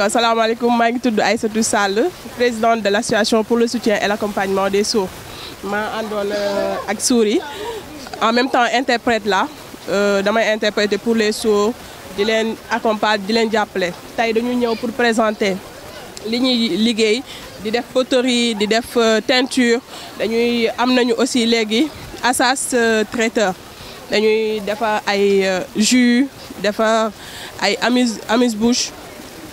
Euh, salaamaaleykum alaikum, ngi tudd Aïssatou Sall présidente de l'association pour le soutien et l'accompagnement des sourds Je euh, suis ak en même temps interprète la euh, interpréter pour les sourds di les accompagne di leen jàppale dañu ñëw pour présenter li ñuy liggéey di def poterie di def teinture dañuy avons aussi léegi assas traiteur dañuy defar jus des ay amuse amuse bouche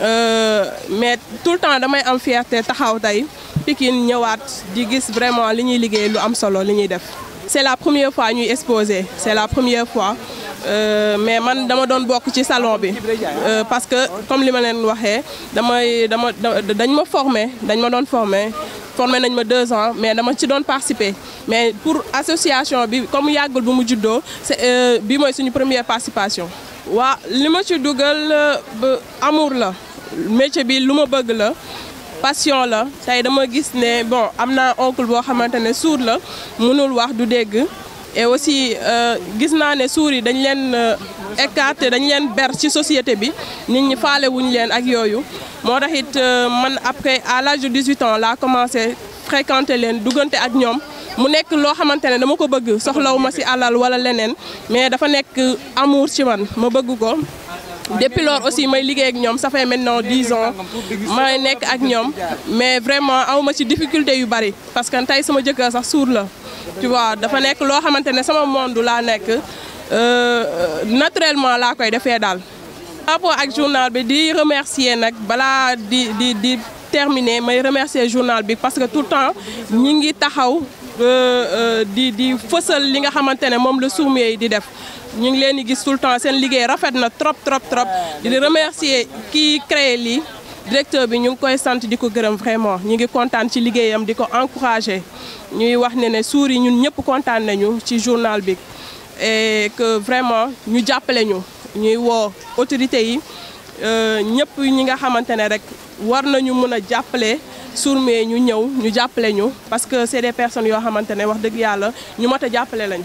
Euh, mais tout le temps damay am fierté taxaw tay Pikine ñëwaat di gis vraiment li ñuy liggéey lu am solo li ñuy def. c'est la première fois ñuy exposé c'est la première fois euh, mais man dama doon bokk ci salon bi euh, parce que comme li ma leen waxé damay dama dañ ma formé dañ ma doon formé formé nañ ma deux ans mais dama ci doon participer mais pour association bi comme yagul bu mu judo c'est bi moy suñu première participation. wa li ma ci dugal amour la métier bi luma bëgg la passion la tay dama gis né bon amna oncle bo xamante sour sourd la mënul wax du dégg et aussi euh, gis na né sourds yi dañ leen euh, écarté dañ leen ber ci société bi nit ñi faale wuñ leen ak yoyu moo it euh, man après à l'âge de 18 ans laa commencé fréquenter leen duggante ak ñom mu nekk lo xamante dama ko bëgg soxlawuma ci alal wala leneen mais dafa nekk amour ci man ma bëgg ko depuis lors aussi, je suis avec eux, ça fait maintenant 10 ans. Je suis avec eux, mais vraiment, j'ai des difficultés. Parce que quand je suis là, ça sourd. Tu vois, il faut que je maintienne ce monde. Euh, naturellement, là, quoi, il faut que je le journal, Je remercie remercier, voilà, terminer may remercier journal parce que tout le temps ñi ngi taxaw euh, euh, di di fësal li nga xamante ne moom la di def ñu ngi leen gis tout le temps seen liggéey rafet na trop trop trop di remercier qui créé li directeur bi ñu koy sante diko gërëm vraiment ñi ngi kontaan ci liggéeyam di ko encourager ñuy wax né ne souri. ñun ñëpp kontaan nañu ci journal bi et que vraiment ñu jappalé ñu ñuy woo autorité yi Euh, ñëpp ñi nga xamante ne rek war nañu mën a jàppale Sourmé ñu ñëw ñu jàppale ñu parce que c'est des personnes yoo xamante ne wax dëgg yàlla ñu mot a jàppale lañ